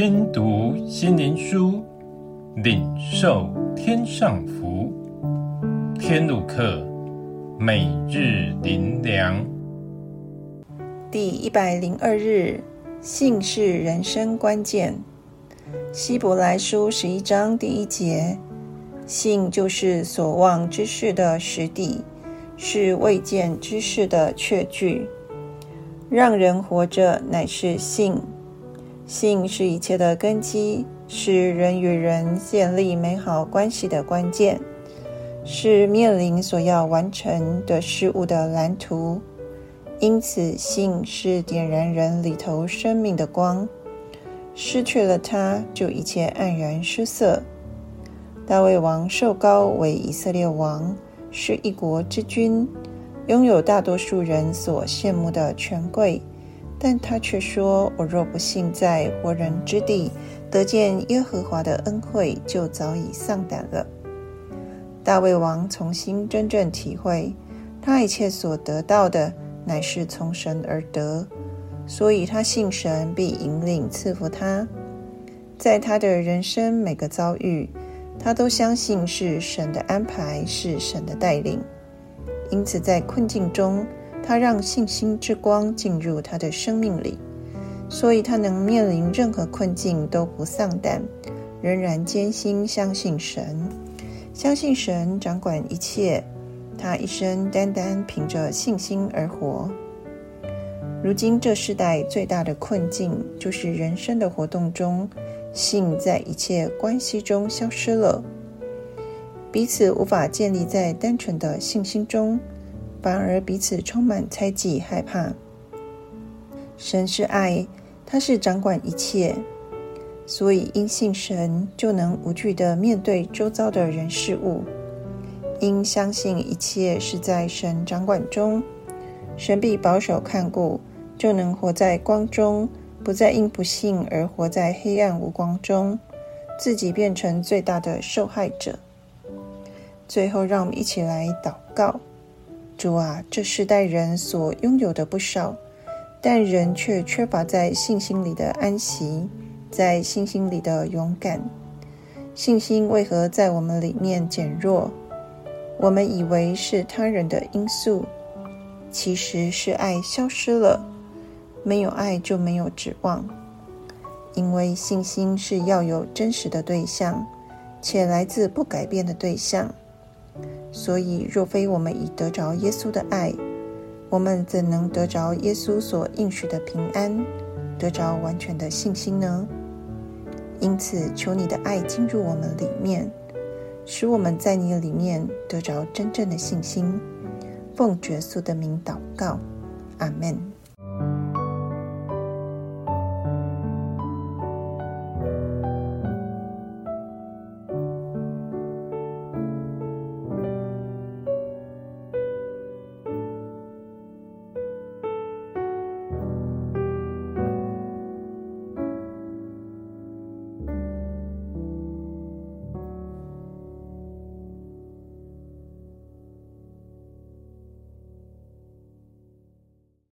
聽讀心靈書，領受天上福。天路客，每日靈糧。第一百零二日，信是人生關鍵。希伯來書十一章第一節：信就是所望之事的實底，是未見之事的確據。讓人活着乃是信。信是一切的根基，是人與人建立美好關係的關鍵，是面臨所要完成的事務的藍圖。因此，信是點燃人，人裡頭生命的光。失去了它，就一切黯然失色。大衛王受膏為以色列王，是一國之君，擁有大多數人所羨慕的權貴。但他卻說：“我若不信在活人之地得見耶和華的恩惠，就早已喪膽了。”大衛王從心真正體會，他一切所得到的乃是從神而得，所以他信神必引領賜福他。在他的人生每個遭遇，他都相信是神的安排，是神的帶領。因此，在困境中，他讓信心之光進入他的生命裡，所以他能面臨任何困境都不喪膽，仍然堅心相信神，相信神掌管一切。他一生單單憑着信心而活。如今這世代最大的困境，就是人生的活動中，信在一切關係中消失了，彼此無法建立在單純的信心中。反而彼此充滿猜忌、害怕。神是愛，他是掌管一切，所以因信神，就能無懼的面對周遭的人事物。因相信一切是在神掌管中，神必保守看顧，就能活在光中，不再因不信而活在黑暗無光中，自己變成最大的受害者。最後，讓我們一起來禱告。主啊，這世代人所擁有的不少，但人卻缺乏在信心裡的安息，在信心裡的勇敢。信心為何在我們裡面減弱？我們以為是他人的因素，其實是愛消失了。沒有愛就沒有指望，因為信心是要有真實的對象，且來自不改變的對象。所以，若非我們已得着耶穌的愛，我們怎能得着耶穌所應許的平安，得着完全的信心呢？因此，求你的愛進入我們裡面，使我們在你裡面得着真正的信心。奉主耶穌的名禱告，阿門。